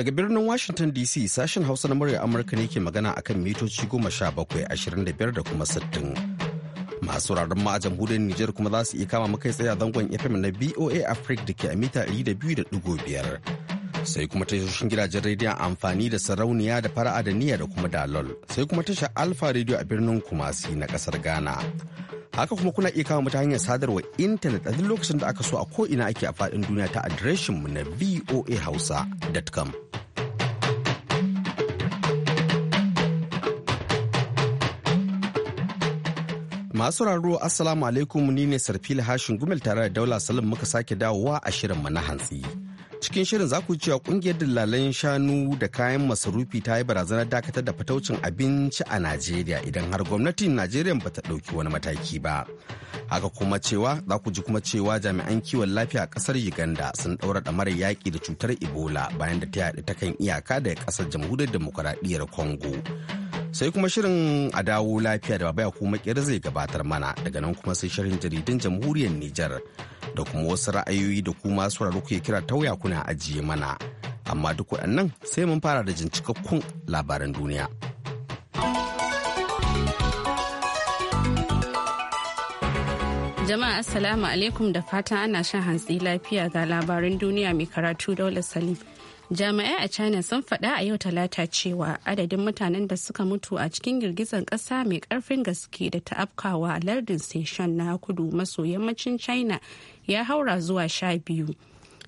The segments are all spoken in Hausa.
Daga birnin Washington DC sashen Hausa na murya Amurka ne ke magana akan mitoci goma sha bakwai ashirin da biyar da kuma sittin. Masu rarrun ma a jamhuriyar Nijar kuma za su iya kama makai tsaye a zangon FM na BOA Africa da ke a mita ɗari da biyu da ɗigo biyar. Sai kuma tashoshin gidajen rediyon amfani da sarauniya da fara'a da niyya da kuma dalol. Sai kuma tashar Alfa Radio a birnin Kumasi na kasar Ghana. haka kuma kuna iya kama mata hanyar sadarwa intanet a duk lokacin da aka so a ko'ina ake a faɗin duniya ta mu na voahausa.com masu raro assalamu alaikum ni ne Sarfili hashin gumel tare da daula salim muka sake dawowa a shirinmu na hantsi. cikin shirin za ku cewa kungiyar dillalan shanu da kayan masarufi ta yi barazanar dakatar da fataucin abinci a najeriya idan har gwamnatin najeriya ba ta ɗauki wani mataki ba haka kuma cewa za ku ji kuma cewa jami'an kiwon lafiya a ƙasar uganda sun ɗaura da mara yaƙi da cutar ebola bayan da ta yaɗu ta kan iyaka da ƙasar jamhuriyar demokuraɗiyyar congo sai kuma shirin a dawo lafiya da baya kuma kira zai gabatar mana daga nan kuma sai shirin jaridun jamhuriyar Nijar da kuma wasu ra'ayoyi da kuma sauraro kuke kira tauya kuna ajiye mana amma duk waɗannan sai mun fara da jincikakkun labaran duniya. Jama'a Assalamu alaikum da fata ana shan hantsi lafiya ga labarin duniya mai karatu daular Salim. jami'ai a china sun faɗa a yau talata cewa adadin mutanen da suka mutu a cikin girgizar ƙasa mai ƙarfin gaske da ta afkawa lardin station na kudu maso yammacin china ya haura zuwa sha biyu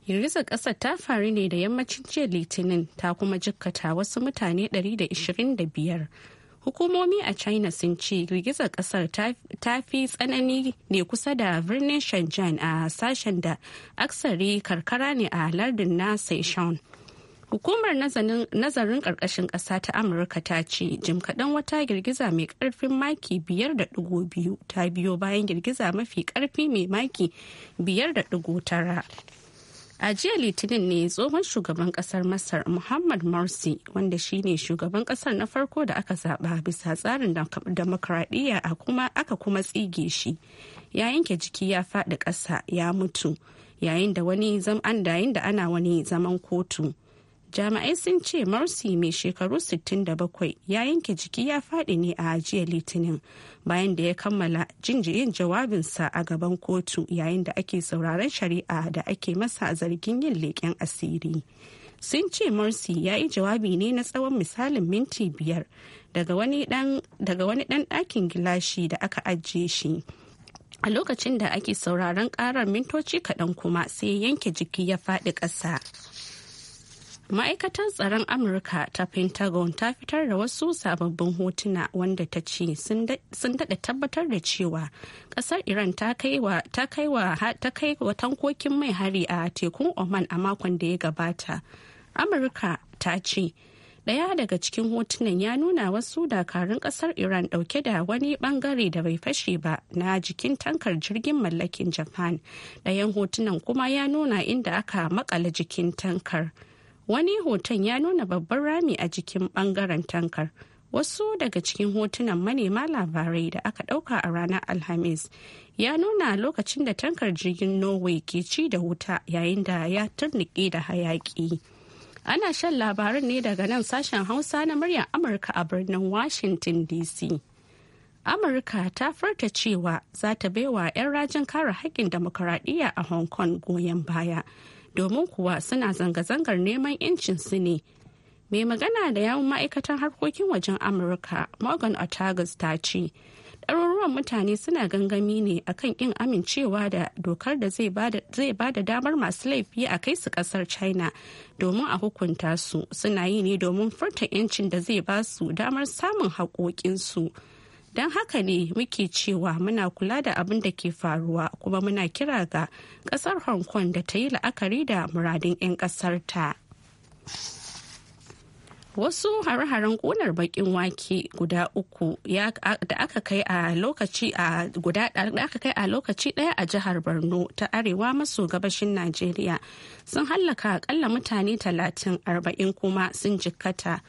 girgizar ƙasar ta faru ne da yammacin jiya litinin ta kuma jikkata wasu mutane 125 hukumomi a china sun ce girgizar ƙasar ta fi tsanani ne kusa da birnin shenzhen a sashen da aksari karkara ne a lardin na seishan Hukumar nazarin ƙarƙashin ƙasa ta Amurka ta ce jim kaɗan wata girgiza mai ƙarfin maki biyar da ɗigo biyu ta biyo bayan girgiza mafi ƙarfi mai maki biyar da ɗigo tara. a jiya litinin ne tsohon shugaban kasar masar muhammad morsi wanda shine shugaban kasar na farko da aka zaba bisa tsarin demokradiyya aka kuma tsige shi ya yanke jiki ya faɗi ƙasa ya mutu yayin da wani zaman da ana wani zaman kotu jami'ai sun ce marcy mai shekaru 67 ya yanke jiki ya faɗi ne a jiya litinin bayan da ya kammala jinjirin jawabinsa a gaban kotu yayin da ake sauraron shari'a da ake masa zargin yin leƙen asiri sun ce marcy ya yi jawabi ne na tsawon misalin minti biyar daga wani dan ɗakin gilashi da aka ajiye shi a lokacin da ake sauraron karar mintoci kaɗan kuma sai yanke jiki ya faɗi ƙasa. ma'aikatar tsaron amurka ta pentagon ta fitar da wasu sababbin hotuna wanda ta ce sun daɗa tabbatar da cewa ƙasar iran ta kai wa tankokin mai hari a tekun oman a makon da ya gabata amurka ta ce ɗaya daga cikin hotunan ya nuna wasu dakarun ƙasar iran ɗauke da wani ɓangare da bai fashe ba na jikin tankar jirgin mallakin japan ɗayan hotunan kuma ya nuna inda aka makala jikin tankar. wani hoton ya nuna babban rami a jikin bangaren tankar wasu daga cikin hotunan manema labarai da aka dauka a ranar alhamis ya nuna lokacin da tankar jirgin norway ke ci da wuta yayin da ya turnike da hayaki ana shan labarin ne daga nan sashen hausa na muryar amurka a birnin washington dc amurka ta furta cewa za ta baiwa 'yan rajin kare haƙƙin demokuraɗiyya a hong kong goyon baya domin kuwa suna zanga-zangar neman 'yancin su ne. Mai magana da yawun ma'aikatan harkokin wajen Amurka, Morgan Otagus ta ce, ɗaruruwan mutane suna gangami ne akan kin amincewa da dokar da zai ba da damar masu laifi a kai su ƙasar china domin a hukunta su suna yi ne domin furta 'yancin da zai ba su damar samun haƙoƙinsu. su don haka ne muke cewa muna kula da abin da ke faruwa kuma muna kira ga kasar hong kong da ta yi la'akari da muradin 'yan ta? wasu hare-haren ƙunar bakin wake guda uku da aka kai a lokaci guda aka kai a lokaci ɗaya a jihar borno ta arewa maso gabashin najeriya sun hallaka akalla mutane talatin arba'in kuma sun jikkata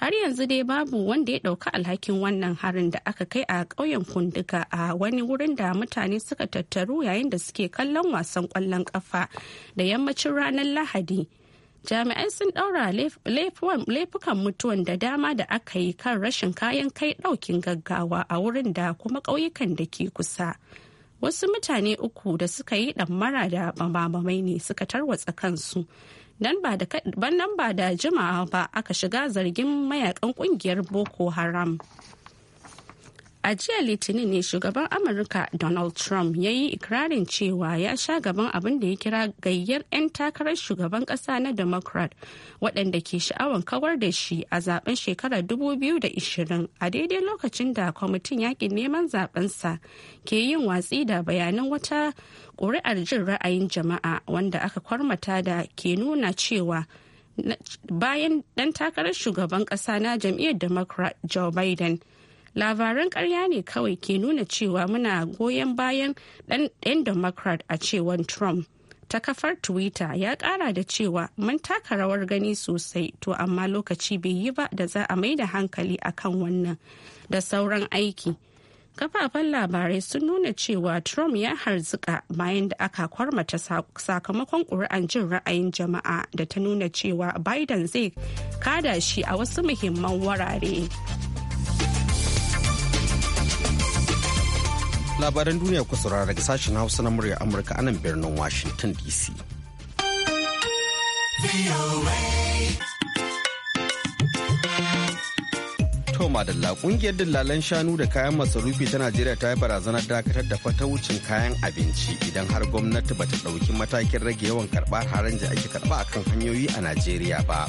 har yanzu dai babu wanda ya ɗauka alhakin wannan harin da aka kai a ƙauyen kunduka a wani wurin da mutane suka tattaru yayin da suke kallon wasan ƙwallon ƙafa da yammacin ranar lahadi jami'ai sun ɗaura laifukan mutuwan da dama da aka yi kan rashin kayan kai ɗaukin gaggawa a wurin da kuma ƙauyukan da ke kusa wasu mutane uku da suka yi ɗamara da mamamai ne suka tarwatsa kansu nan ba da jimawa ba aka shiga zargin mayakan kungiyar boko haram A jiya Litinin ne shugaban Amurka Donald Trump ya yi ikirarin cewa ya sha gaban abin da ya kira gayyar 'yan takarar shugaban ƙasa na Democrat waɗanda ke sha'awan kawar da shi a zaben shekarar 2020 a daidai lokacin da kwamitin yakin neman zabensa ke yin watsi da bayanan wata ƙuri'ar jin ra'ayin jama'a wanda aka kwarmata da ke nuna cewa bayan ɗan takarar shugaban ƙasa na jam'iyyar Democrat Joe Biden. labaran karya ne kawai ke nuna cewa muna goyon bayan ɗan democrat a cewan trump ta kafar twitter ya kara da cewa mun taka rawar gani sosai to amma lokaci bai yi ba da za a mai da hankali akan wannan da sauran aiki kafafen labarai sun nuna cewa trump ya harzuka bayan da aka kwarmata sakamakon ƙuri'an jin ra'ayin jama'a da ta nuna cewa biden zai kada shi a wasu muhimman wurare. labaran duniya ku saurara daga sashen hausa na murya amurka anan birnin washington dc to madalla kungiyar dillalan shanu da kayan masarufi ta najeriya ta yi barazanar dakatar da fata wucin kayan abinci idan har gwamnati bata ɗauki matakin rage yawan karɓar haran da ake a kan hanyoyi a najeriya ba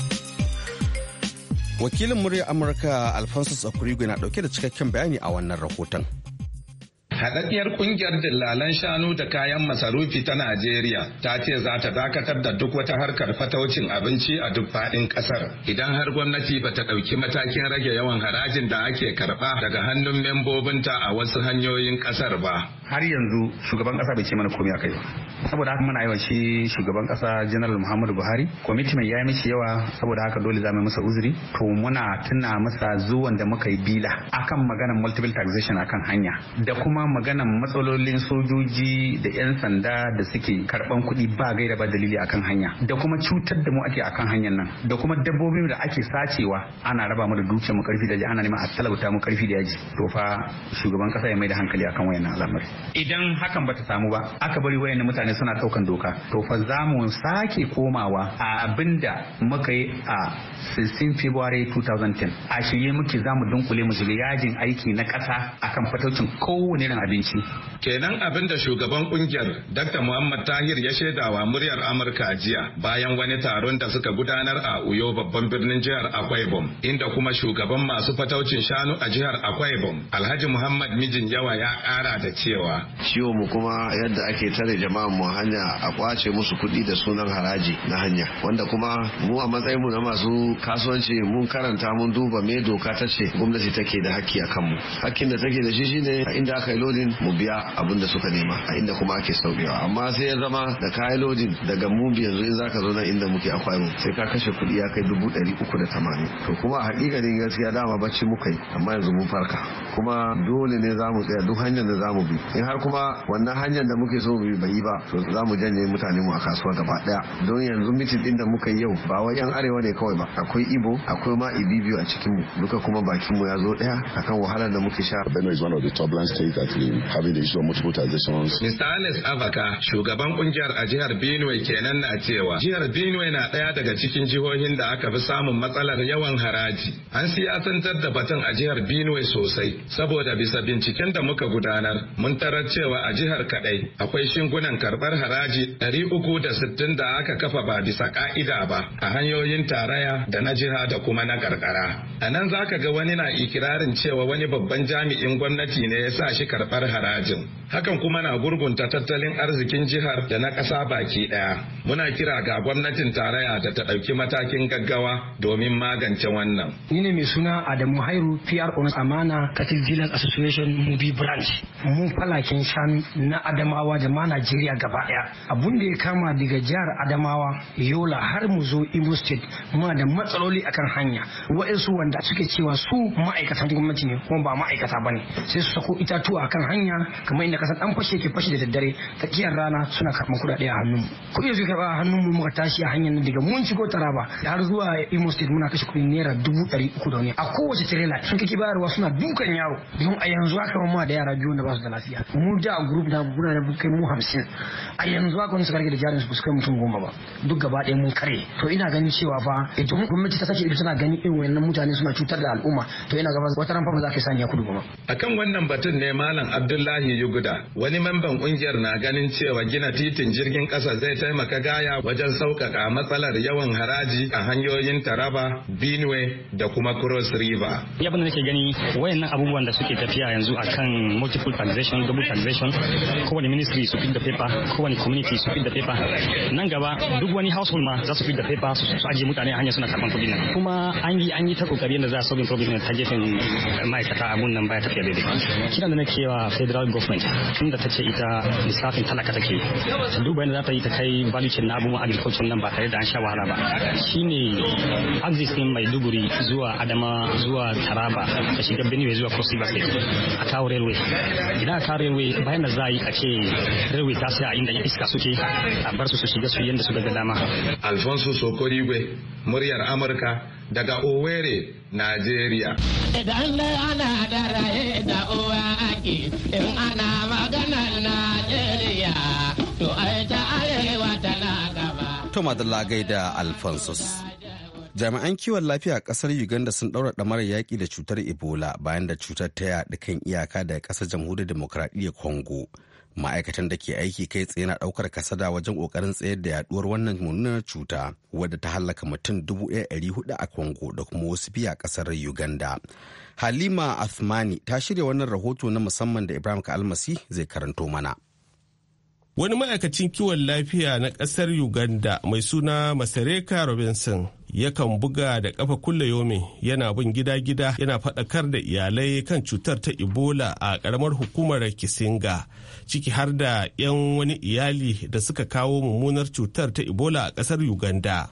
wakilin Murya amurka alfonso sakurigo na ɗauke da cikakken bayani a wannan rahoton Haɗaɗɗiyar ƙungiyar dillalan shanu da kayan masarufi ta Najeriya ta ce za ta dakatar da duk wata harkar fataucin abinci a duk faɗin ƙasar. Idan har gwamnati ba ta ɗauki matakin rage yawan harajin da ake karɓa daga hannun membobinta a wasu hanyoyin ƙasar ba. Har yanzu shugaban ƙasa bai ce mana komai a kai ba. saboda haka muna yi wa shi shugaban kasa general muhammadu buhari kwamiti ya yi mishi yawa saboda haka dole za mu masa uzuri to muna tuna masa zuwan da muka yi bila akan maganan multiple taxation akan hanya da kuma maganan matsalolin sojoji da 'yan sanda da suke karban kuɗi ba gaira ba dalili akan hanya da kuma cutar da mu ake akan hanyar nan da kuma dabbobin da ake sacewa ana raba mu da dukiyar mu karfi da ji ana neman a talauta mu karfi da yaji to fa shugaban kasa ya mai da hankali akan wayannan al'amari idan hakan bata samu ba aka bari wayannan mutane suna ɗaukan doka to fa za mu sake komawa a abinda muka yi a 16 February 2010 a shirye muke za mu dunkule mu shiga yajin aiki na ƙasa a kan fataucin kowane irin abinci kenan abin da shugaban ƙungiyar Dr. Muhammad Tahir ya shaidawa muryar Amurka jiya bayan wani taron da suka gudanar a Uyo babban birnin jihar Akwaibom inda kuma shugaban masu fataucin shanu a jihar Akwaibom Alhaji Muhammad Mijin Yawa ya ƙara da cewa ciwo mu kuma yadda ake tare jama'a mu hanya a kwace musu kuɗi da sunan haraji na hanya wanda kuma mu a matsayinmu na masu kasuwanci mun karanta mun duba me doka ta ce gwamnati take da hakki a kanmu haƙƙin da take da shi shine a inda aka yi lodin mu biya abin da suka nema a inda kuma ake saukewa amma sai ya zama da yi lodin daga mu yanzu in zaka zo nan inda muke akwai mu sai ka kashe kuɗi ya kai dubu ɗari uku da tamanin to kuma a hakikanin gaskiya dama bacci muka yi amma yanzu mun farka kuma dole ne za mu tsaya duk hanyar da za mu bi in har kuma wannan hanyar da muke so mu bi bai yi ba to za mu janye mutane mu a kasuwa gaba daya don yanzu mitin din da muka yi yau ba wai yan arewa ne kawai ba akwai ibo akwai ma ibibiyo a cikin mu duka kuma bakin mu ya zo daya akan wahalar da muke sha Benue is one of the top land states that have the issue of multiple taxations Mr. Alex Avaka shugaban kungiyar a jihar Benue kenan na cewa jihar Benue na daya daga cikin jihohin da aka fi samun matsalar yawan haraji an siyasantar da batun a jihar Benue sosai saboda bisa binciken da muka gudanar mun tarar cewa a jihar kadai akwai shingunan karɓar Karbar haraji uku da sittin da aka kafa ba bisa ka'ida ba a hanyoyin taraya da na jiha da kuma na karkara. A nan za ka ga wani na ikirarin cewa wani babban jami'in gwamnati ne ya sa shi karɓar harajin. Hakan kuma na gurgunta tattalin arzikin jihar da na ƙasa baki ɗaya. Muna kira ga gwamnatin taraya da ta ɗauki matakin gaggawa domin magance wannan. Ni ne mai suna Adamu Hairu PR Onas Amana Cattle Dealers Association Mubi Branch. Mun falakin shanu na Adamawa jama'a Najeriya gaba. gaba ɗaya abun da ya kama daga jihar adamawa yola har mu zo imo state muna da matsaloli akan hanya wa'insu wanda suke cewa su ma'aikatan gwamnati ne kuma ba ma'aikata ba ne sai su sako itatuwa akan hanya kamar inda kasan an fashe ke fashe da daddare tsakiyar rana suna karɓar kuɗaɗe a hannun kuɗi suke karɓa a hannun mu muka tashi a hanyar nan daga mun shigo taraba har zuwa imo state muna kashe kuɗi naira dubu ɗari uku da wani a kowace tirela sun kake bayarwa suna dukan yaro don a yanzu haka ma da yara biyu da ba su da lafiya mu da group na muna da kai mu hamsin a yanzu haka wani suka da jarin su fuskai mutum goma ba duk gaba ɗaya mun kare to ina ganin cewa fa idan gwamnati ta sake ido tana ganin irin wayannan mutane suna cutar da al'umma to ina gaba wata ran fa za ka sani ya kudu ba akan wannan batun ne malam Abdullahi Yuguda wani mamban kungiyar na ganin cewa gina titin jirgin kasa zai taimaka gaya wajen sauƙaƙa matsalar yawan haraji a hanyoyin Taraba, Benue da kuma Cross River. Ya bane nake gani wayannan abubuwan da suke tafiya yanzu akan multiple taxation, double taxation, kowane ministry su fit da paper kowane community su fit da paper nan gaba duk wani household ma za su fit da paper su ajiye mutane hanyar suna karban kuɗi nan kuma an yi an yi ta kokari yadda za a solving problem ta gefen ma'aikata a nan baya tafiya daidai kina da nake wa federal government tunda ta ce ita lissafin talaka take ta duba yadda za ta yi ta kai value chain na abubuwan agriculture nan ba tare da an sha wahala ba shine axis din duguri zuwa adama zuwa taraba ta shiga benue zuwa cross river state a kawo railway idan a kawo railway bayan da za a yi a ce railway ta sai a inda ya iska suke a bar su su shiga su yadda su daga dama alfonso sokorigwe muryar amurka daga owerri Najeriya. idan dai ana da raye da uwa ake in ana maganar Najeriya, to ai arewa tana gaba jami'an kiwon lafiya a kasar uganda sun ɗaura ɗamarar yaƙi da cutar ebola bayan da cutar ta yaɗu kan iyaka da ƙasar jamhuriyar demokradiyyar congo ma'aikatan da ke aiki kai tsaye na daukar kasada wajen kokarin tsayar da yaduwar wannan mummunar cuta wadda ta hallaka mutum dubu 1,400 a congo da kuma wasu biya kasar uganda halima athmani ta shirya wannan rahoto na musamman da ibrahim kalmasi zai karanto mana wani ma'aikacin kiwon lafiya na ƙasar uganda mai suna masareka robinson yakan buga da ƙafa kulle yomi yana bin gida-gida yana faɗakar da iyalai kan cutar ta ebola a ƙaramar hukumar kisinga ciki har da 'yan wani iyali da suka kawo mummunar cutar ta ebola a ƙasar uganda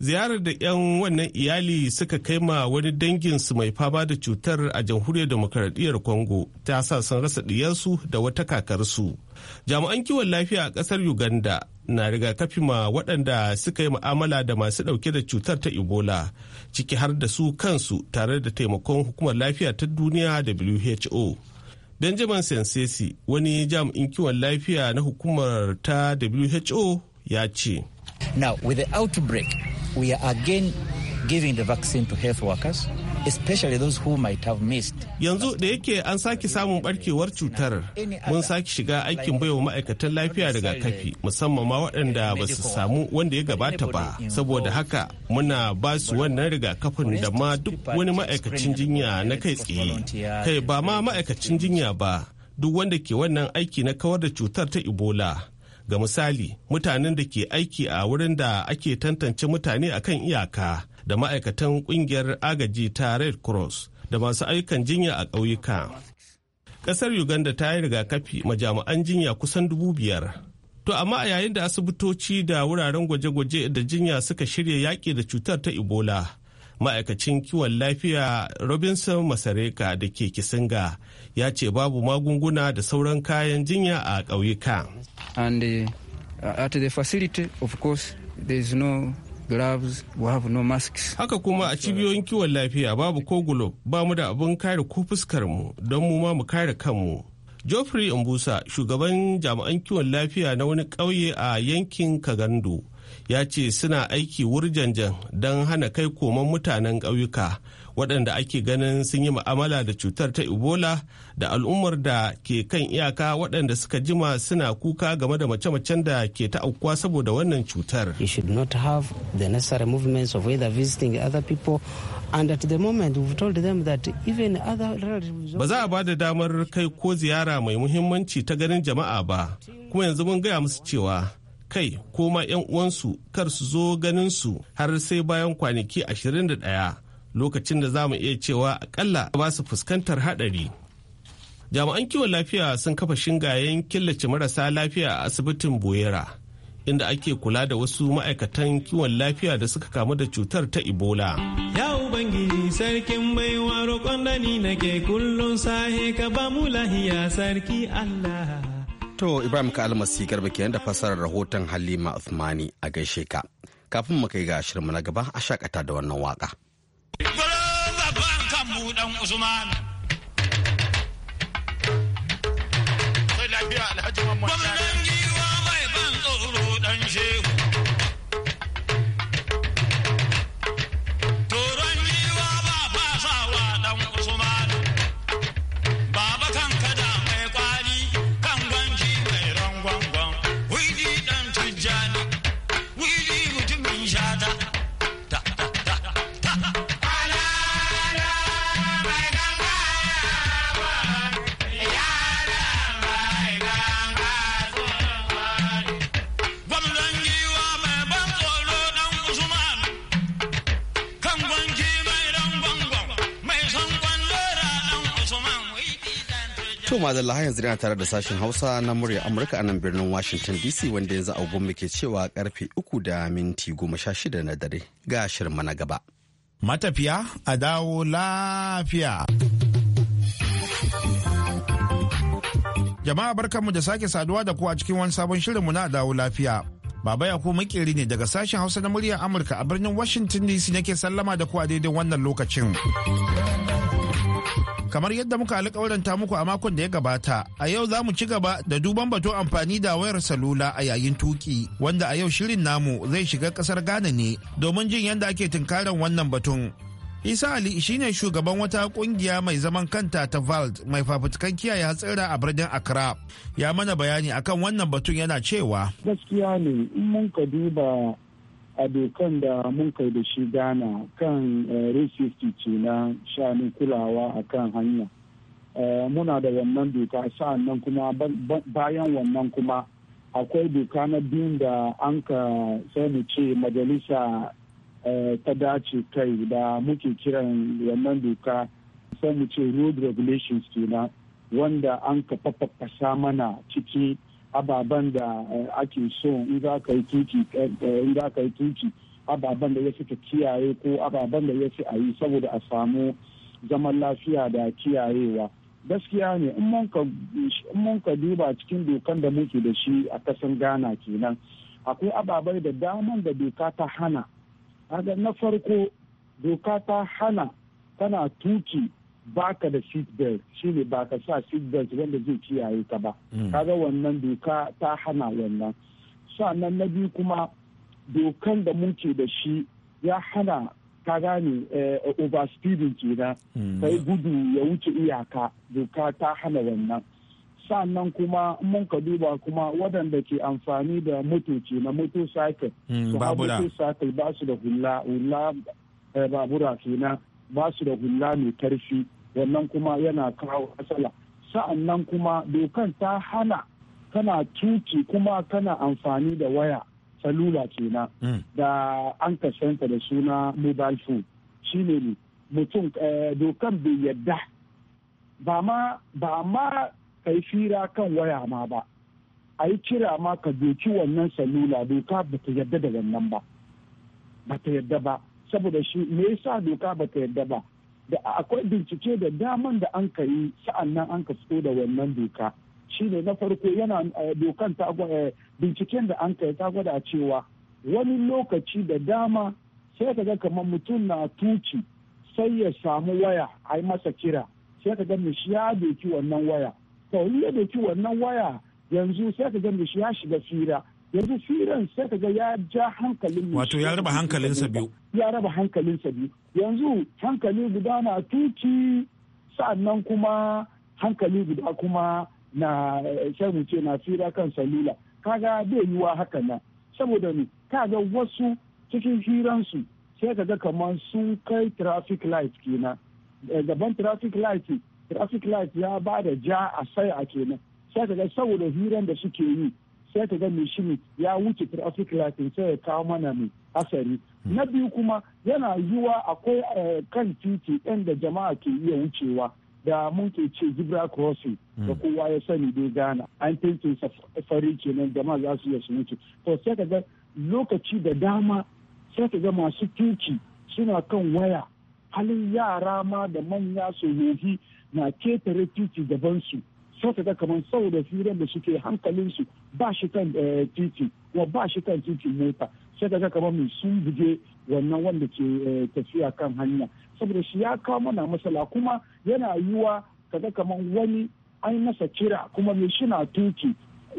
ziyarar da 'yan wannan iyali suka kai ma wani danginsu mai fama da cutar a jamhuriyar demokaradiyyar congo ta sa san rasa ɗiyarsu da wata kakarsu jami'an kiwon lafiya a ƙasar uganda na rigakafi ma waɗanda suka yi mu'amala da masu ɗauke da cutar ta ebola ciki har da su kansu tare da taimakon hukumar lafiya ta duniya who benjamin sensesi wani jami'in kiwon lafiya na hukumar ta who ya ce Now, with the outbreak, we are again giving the vaccine to health workers. especially those who might have missed. Yanzu da yake an sake samun barkewar cutar, mun sake shiga aikin baiwa ma'aikatan lafiya rigakafi musamman ma waɗanda ba su samu wanda ya gabata ba. Saboda haka muna ba su wannan rigakafin da ma duk wani ma'aikacin jinya na kai tsaye. Kai ba ma ma'aikacin jinya ba, duk wanda ke wannan aiki na kawar da cutar ta Ebola. ga misali mutanen da ke aiki a wurin da ake tantance mutane a kan iyaka da ma'aikatan kungiyar agaji ta red cross da masu ayyukan jinya a ƙauyuka ƙasar uganda ta yi rigakafi majami'an jinya kusan dubu biyar to amma a yayin da asibitoci da wuraren gwaje-gwaje da jinya suka shirya yaƙi da cutar ta ebola ma'aikacin kiwon lafiya robinson masareka da ke kisinga ya ce babu magunguna da sauran kayan jinya a ƙauyuka and uh, at the facility of course there is no gloves we have no masks haka kuma a cibiyoyin kiwon lafiya babu ko gulob ba mu da abin kare ko fuskar mu don mu ma mu kare kanmu Geoffrey Mbusa shugaban jami'an kiwon lafiya na wani ƙauye a yankin Kagandu ya ce suna aiki wurjanjan don hana kai koman mutanen ƙauyuka waɗanda ake ganin sun yi ma'amala da cutar ta ebola da al'ummar da ke kan iyaka waɗanda suka jima suna kuka game da mace-macen da ke ta aukuwa saboda wannan cutar. You should not have the necessary movements of either visiting other people and at the moment we've told them that even other Ba za a ba da damar kai ko ziyara mai muhimmanci ta ganin jama'a ba, kuma yanzu mun gaya musu cewa kai ko ma 'yan uwansu kar su zo ganin su har sai bayan kwanaki 21 lokacin da za mu iya cewa akalla ba su fuskantar haɗari. Jami'an kiwon lafiya sun kafa shingayen killace marasa lafiya a asibitin Boyera. inda ake kula da wasu ma'aikatan kiwon lafiya da suka kamu da cutar ta ebola. Ya Ubangiji sarkin baiwa roƙon da ni nake kullum sahe ka ba lahiya sarki Allah. To Ibrahim ka almasi garba kenan da fasarar rahoton Halima Uthmani a gaishe ka. Kafin mu kai ga shirinmu na gaba a shakata da wannan waka. Gwamnan mai ban tsoro dan shehu. To madalla har yanzu ina tare da sashen Hausa na murya Amurka a nan birnin Washington DC wanda yanzu agogon muke cewa karfe uku da minti goma sha shida na dare ga shirma na gaba. Matafiya a dawo lafiya. Jama'a barkanmu da sake saduwa da ku a cikin wani sabon shirin mu na dawo lafiya. Baba ya ko makeri ne daga sashen Hausa na murya Amurka a birnin Washington DC nake sallama da ku a daidai wannan lokacin. Kamar yadda muka alƙawaranta muku a makon da ya gabata, a yau za mu ci gaba da duban batun amfani da wayar salula a yayin tuki, wanda a yau shirin namu zai shiga ƙasar Ghana ne domin jin yadda ake tunkaran wannan batun. Isa Ali shine shugaban wata kungiya mai zaman kanta ta VALD mai fafutukan kiyaye hatsira a birnin Accra. Ya mana bayani akan wannan batun yana cewa. Gaskiya ne in mun ka duba a dokan da mun kai da shi gana kan eh, resisti ce na shanin kulawa a kan hanya eh, muna da wannan doka sa'annan kuma bayan wannan kuma akwai doka na biyun da an ka sai ce majalisa eh, ta dace kai da muke kiran wannan doka sai mu ce road regulations kenan wanda an ka fafafa mana ciki ababen da eh, ake so in za ka yi tuki eh, eh, in ababen da ya fi kiyaye ko ababen da ya fi a yi saboda a samu zaman lafiya da kiyayewa gaskiya ne in mun ka duba cikin dokan da muke da shi a kasan ghana kenan akwai ababai da daman da doka ta hana na farko doka ta hana tana tuki baka da seat belt shine ba ka sa seat belt wanda zai kiyaye ka ba hmm. kaga wannan doka ta hana wannan sannan na biyu kuma dokan da muke da shi ya hana ka gane eh, overspeeding kenan sai hmm. gudu ya wuce iyaka doka ta hana wannan sannan kuma mun ka duba kuma waɗanda ke amfani da motoci na motocycle hmm, su ba su da hula hula eh, babura kenan ba su da hula mai karfi wannan kuma yana kawo matsala sa'annan kuma dokan ta hana kana tuki kuma kana amfani da waya salula kenan hmm. da an kasanta da suna mobile phone shine ne mutum eh, dokan bai yadda ba ma ba ma kai fira kan waya ma ba a yi kira ma ka doki wannan salula doka ba ta yadda da wannan ba ba ta yadda ba saboda shi me yasa doka ba ta yarda ba da akwai bincike da daman da an ka yi sa'an nan an ka fito da wannan doka shi shine na farko yana eh, dokan ta eh, binciken da an ka yi ta gwada cewa wani lokaci da dama sai ka ga kamar mutum na tuci sai ya samu waya a yi masa kira sai ka ga shi ya doki wannan waya to ya doki wannan waya yanzu sai ka ga shi ya shiga fira yanzu shirin sai ka ga ya ja hankalin wato ya raba hankalin sa biyu ya raba hankalin sa biyu yanzu hankali guda na tuci sa'annan kuma hankali guda kuma na sai ce na fira kan salula kaga bai yiwa haka nan saboda ni kaga wasu cikin hiransu sai ka ga kamar sun kai traffic light kenan eh, gaban traffic light traffic light ya ba da ja a sai a kenan sai ka ga saboda hiran da suke yi sai ka ga mai ya wuce traffic sai ya kawo mana mai asari na biyu kuma yana yiwa akwai eh, kan titi inda jama'a ke iya wucewa da mun ke ce zebra crossing da hmm. kowa ya sani dai gana an tintin safari kenan jama'a za su iya su wuce to sai ka ga lokaci da dama sai ka ga masu titi suna kan waya halin yara ma da manya sojoji na ketare titi gabansu sai ka ga kamar saboda firar da suke hankalinsu Eh, ba shi kan titi wa ba shi kan titin mota sai ka ga kamar mai sun buge wannan wanda ke eh, tafiya kan hanya saboda shi ya kawo mana masala. kuma yana yiwa kaga kamar wani an masa kira kuma mai shi na tuki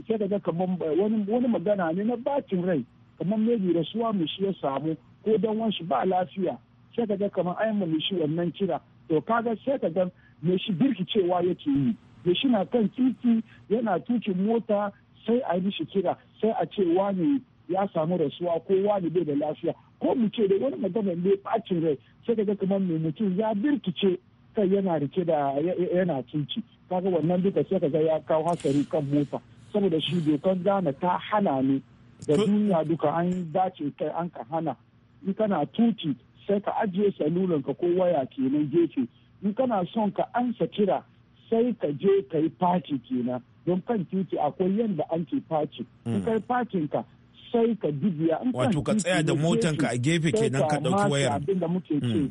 sai ga kamar eh, wani magana ne na bakin rai kamar maybe rasuwa mai shi ya samu ko dan wanshi ba lafiya sai ga kamar an mai shi wannan kira to kaga sai ga mai shi birkicewa yake yi mai shi na kan titi yana tukin mota sai a yi mishi kira sai a ce wani ya samu rasuwa ko wani bai da lafiya ko mu ce da wani magana ne bacin rai sai ka ga kamar mai mutum ya birkice kai yana rike da yana tuki kaga wannan duka sai ka ga ya kawo hasari kan mota saboda shi dokan gana ta hana ne da duniya duka an dace kai an ka hana in kana tuki sai ka ajiye salulan ka ko waya kenan gefe in kana son ka ansa kira sai ka je ka yi fati kenan don kan titi akwai yadda an ce faci in hmm. kai facin ka sai ka dubiya wato ka tsaya da motan ka a gefe kenan ka dauki wayar abin da muke ce hmm.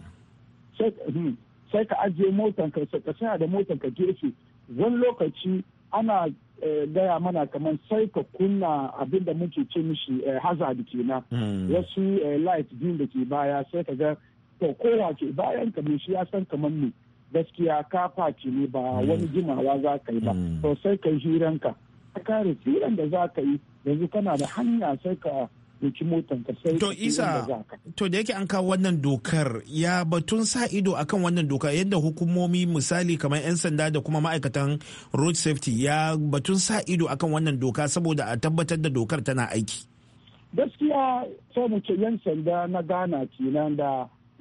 hmm, sai ka ajiye motan ka ka tsaya da motan ka gefe wani lokaci ana eh, gaya mana kamar sai ka kunna abin da muke ce mishi eh, hazard kenan wasu eh, light din da ke baya sai ka ga to kowa ke bayan ka shi ya san kamar mu. gaskiya ka faci ne ba hmm. wani jimawa za ka yi ba to hmm. sai ka yi hiranka ka kare hiran da za ka yi yanzu kana da hanya sai ka ɗauki motan ka sai to isa to da yake an kawo wannan dokar ya batun sa ido akan wannan doka yadda hukumomi misali kamar yan sanda da kuma ma'aikatan road safety ya batun sa ido akan wannan doka saboda a tabbatar da dokar tana aiki gaskiya sai mu ce yan sanda na gana kenan da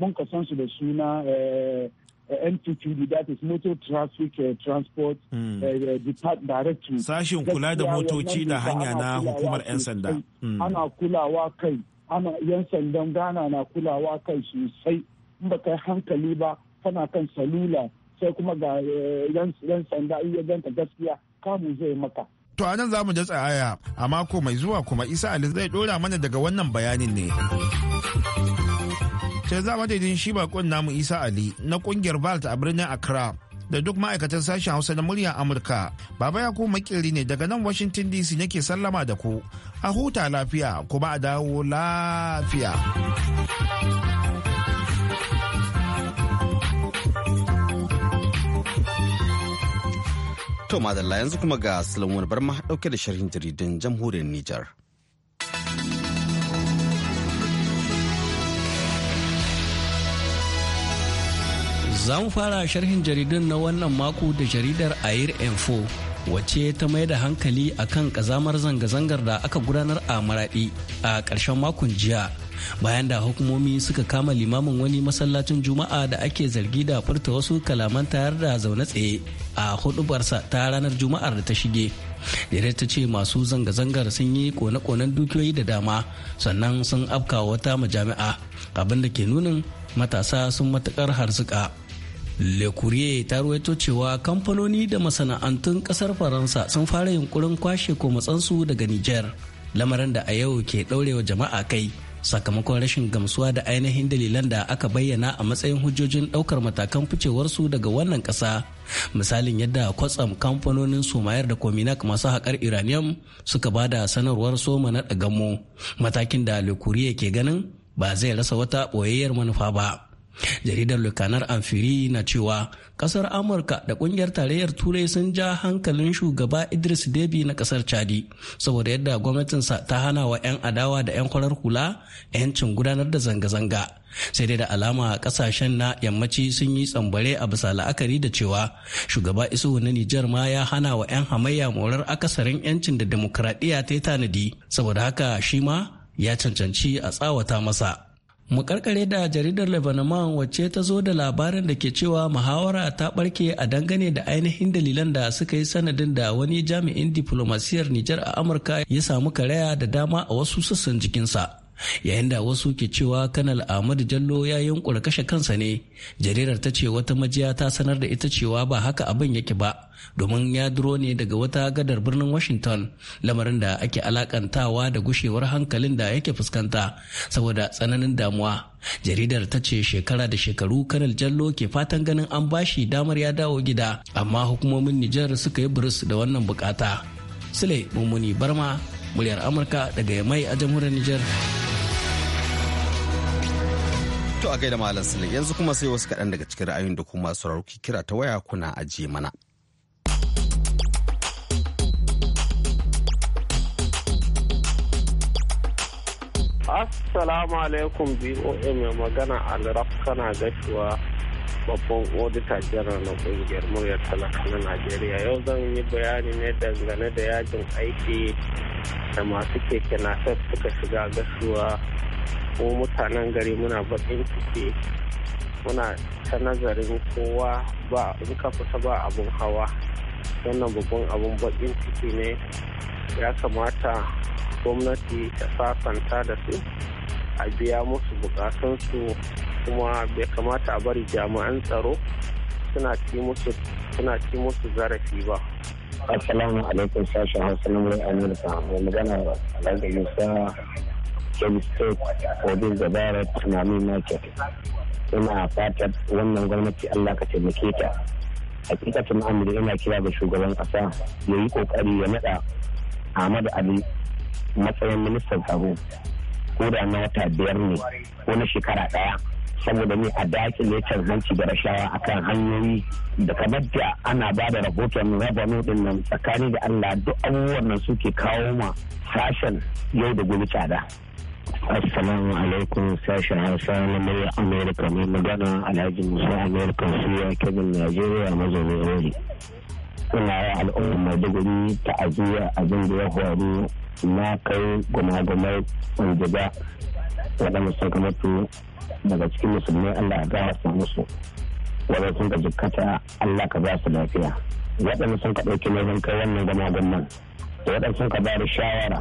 mun kasance da suna eh, MTTD that is Motor Traffic uh, Transport mm. uh, uh Sashin kula da motoci da hanya na hukumar 'yan sanda. Ana hmm. kulawa kai, ana 'yan sandan Ghana na kulawa kai sosai. In ba kai hankali ba, kana kan salula sai kuma ga 'yan uh, sanda in ya ganta gaskiya kamun zai maka. To a nan za mu da tsaya a mako mai zuwa kuma Isa Ali zai ɗora mana daga wannan bayanin ne. yanzu za madadin shi bakon namu isa ali na kungiyar balt a birnin accra da duk ma'aikatan sashen hausa na muryar amurka baba ya kuma makiri ne daga nan washington dc nake sallama da ku a huta lafiya kuma a dawo lafiya To madalla yanzu kuma ga Sulaiman Barma dauke da sharhin jaridun jamhuriyar Nijar. Za mu fara sharhin jaridun na wannan mako da jaridar Air Info wacce ta mai da hankali akan kazamar zanga-zangar da aka gudanar a maraɗi a ƙarshen makon jiya bayan da hukumomi suka kama limamin wani masallacin juma'a da ake zargi da furta wasu kalaman tayar da zaune tsaye a hudubarsa ta ranar juma'ar da ta shige dare ta ce masu zanga-zangar sun yi kone-konen dukiyoyi da dama sannan sun afka wata majami'a abinda ke nunin matasa sun matukar harzuka Le Courrier ta ruwaito cewa kamfanoni da masana'antun kasar Faransa sun fara yunkurin kwashe komatsansu daga Nijar, lamarin da a yau ke ɗaurewa jama'a kai sakamakon rashin gamsuwa da ainihin dalilan da aka bayyana a matsayin hujjojin ɗaukar matakan ficewarsu daga wannan ƙasa. Misalin yadda kwatsam kamfanonin Sumayar da Kominak masu haƙar Iraniyam suka ba da sanarwar soma na ɗagamo, matakin da Le ke ganin ba zai rasa wata ɓoyayyar manufa ba. jaridar lukanar amfiri na cewa kasar amurka da kungiyar tarayyar turai sun ja hankalin shugaba idris debi na kasar chadi saboda yadda gwamnatinsa ta hana wa 'yan adawa da 'yan kwarar hula 'yancin gudanar da zanga-zanga sai dai da alama kasashen na yammaci sun yi tsambare a bisa la'akari da cewa shugaba isu na nijar ma ya hana wa 'yan hamayya morar akasarin 'yancin da demokradiyya ta yi tanadi saboda haka shi ma ya cancanci a tsawata masa mu karkare da jaridar lebanon wacce ta zo da labarin da ke cewa muhawara ta barke a dangane da ainihin dalilan da suka yi sanadin da wani jami'in diplomasiyar nijar a amurka ya samu karaya da dama a wasu sassan jikinsa yayin da wasu ke cewa kanal ahmadu jallo ya yunkura kashe kansa ne jaridar ta ce wata majiya ta sanar da ita cewa ba haka abin yake ba domin ya duro ne daga wata gadar birnin washington lamarin da ake alakantawa da gushewar hankalin da yake fuskanta saboda tsananin damuwa jaridar ta ce shekara da shekaru kanal jallo ke fatan ganin an bashi damar ya dawo gida amma hukumomin nijar suka yi buris da wannan bukata sule mummuni barma muryar amurka daga mai a jamhuriyar niger to a gaida malam sule yanzu kuma sai wasu kaɗan daga cikin ra'ayin da kuma sauraro kira ta waya kuna ajiye mana Assalamu alaikum voa mai magana Alraf kana gashuwa babban odita jiran na kungiyar muryar talaka na najeriya yau zan yi bayani ne dangane da yajin aiki da masu keke nasar suka shiga gasuwa ko mutanen gari muna bakin ciki muna ta nazarin kowa ba in ka fita ba abin hawa wannan babban abin bakin ciki ne ya kamata gwamnati ta sasanta da su a biya musu bukatunsu kuma bai kamata a bari jami'an tsaro suna ci musu zarafi ba. Assalamu alaikum sashen Hausa na mai Amurka mai magana Alhaji Yusa Kebbi State Odin Zabara tunani Market. Ina fatar wannan gwamnati Allah ka taimake ta. Hakikacin Amurka yana kira ga shugaban kasa ya yi kokari ya naɗa Ahmad Ali matsayin ministan tsaro ko da na wata biyar ne ko na shekara ɗaya saboda ne a dakile canzanci da rashawa akan hanyoyi da kamar da ana ba da rahoton rabano din nan tsakani da allah duk abubuwan nan suke kawo ma sashen yau da gobe tsada assalamu alaikum sashen hausa na murya amerika mai magana alhaji musa amerika suya kebin najeriya mazauni rori suna wa al'ummar maiduguri ta ajiya abin da ya faru na kai gumagumar kwanjiga waɗanda sun kamatu daga cikin musulmi allah ga su musu waɗanda sun ka jikkata allah ka ba su lafiya waɗanda sun ka ɗauki nauyin kai wannan gumagumar da waɗanda sun ka ba da shawara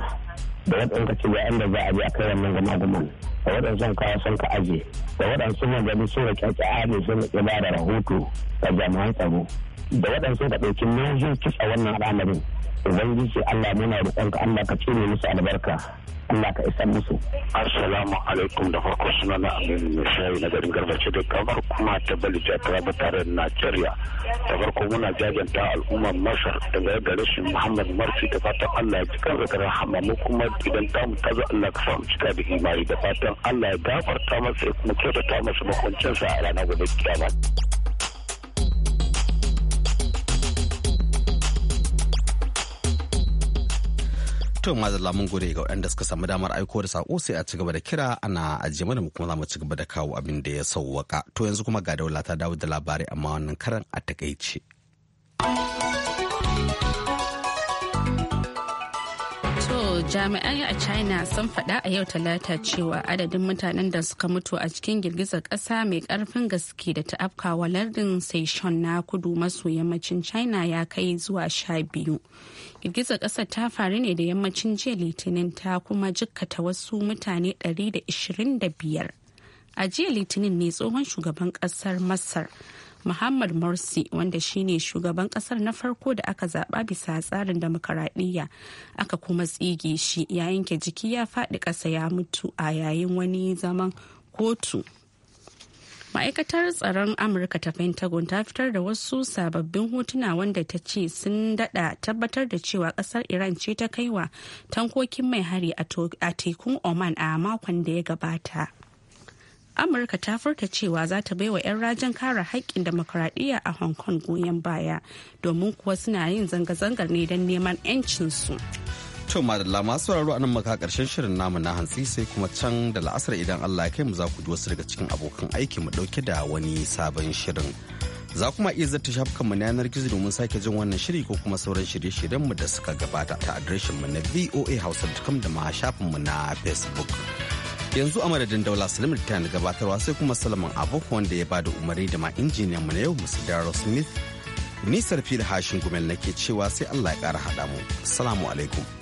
da waɗanda ci ga inda za a bi a kai wannan gumagumar da waɗanda sun kawo sun ka aje da waɗanda sun magani sun ka kyakkyawa ne sun ka ba da rahoto ga jami'an tsaro da waɗansu da ɗauki nauyin kitsa wannan al'amarin ubangiji Allah muna roƙonka Allah ka cire musu albarka Allah ka isa musu assalamu alaikum da farko suna na aminu mai shayi na garin garbace da kamar kuma ta balija taraba tare da najeriya da farko muna jajanta al'ummar masar daga da rashin muhammad marfi da fatan Allah ya ci kan zakar rahama kuma idan ta mu tazo Allah ka samu cika da imani da fatan Allah ya gafarta masa ya kuma kyautata masa makwancinsa a ranar gobe kiyama. to mazalla mun gode ga waɗanda suka samu damar aiko da sako sai a ci gaba da kira ana ajiye mana mu kuma za mu ci gaba da kawo abin da ya sauwaka to yanzu kuma ga daula ta dawo da labarai amma wannan karan a takaice. jami'ai a china sun faɗa a yau talata cewa adadin mutanen da suka mutu a cikin girgizar ƙasa mai ƙarfin gaske da ta afkawa lardin seishon na kudu maso yammacin china ya kai zuwa sha biyu girgizar ƙasar ta faru ne da yammacin jiya litinin ta kuma jikkata wasu mutane 125 a jiya litinin ne tsohon shugaban ƙasar masar Muhammad Morsi wanda shine shugaban kasar na farko da aka zaba bisa tsarin demokaradiyya aka kuma tsige shi ya yanke jiki ya faɗi ƙasa ya mutu a yayin wani zaman kotu. ma'aikatar tsaron amurka ta pentagon ta fitar da wasu sababbin hotuna wanda ta ce sun dada tabbatar da cewa kasar iran ce ta kaiwa tankokin mai hari a tekun oman a makon da ya gabata amurka ta furta cewa za ta baiwa 'yan rajin kare haƙƙin demokuraɗiyya a hong kong goyon baya domin kuwa suna yin zanga-zangar ne don neman 'yancinsu to madalla masu sauraro a nan maka karshen shirin namu na hantsi sai kuma can da la'asar idan allah ya kai mu za ku ji wasu daga cikin abokan aiki mu ɗauke da wani sabon shirin za kuma iya zata shafukan mu na yanar gizo domin sake jin wannan shiri ko kuma sauran shirye-shiryen mu da suka gabata ta adireshin mu na voahausa.com da ma shafin mu na facebook yanzu a madadin daula salim da gabatarwa sai kuma salaman abu wanda ya bada umarni da ma injiniyan mu na yau musu daro smith nisar fil hashin gumel nake cewa sai allah ya kara hada mu salamu alaikum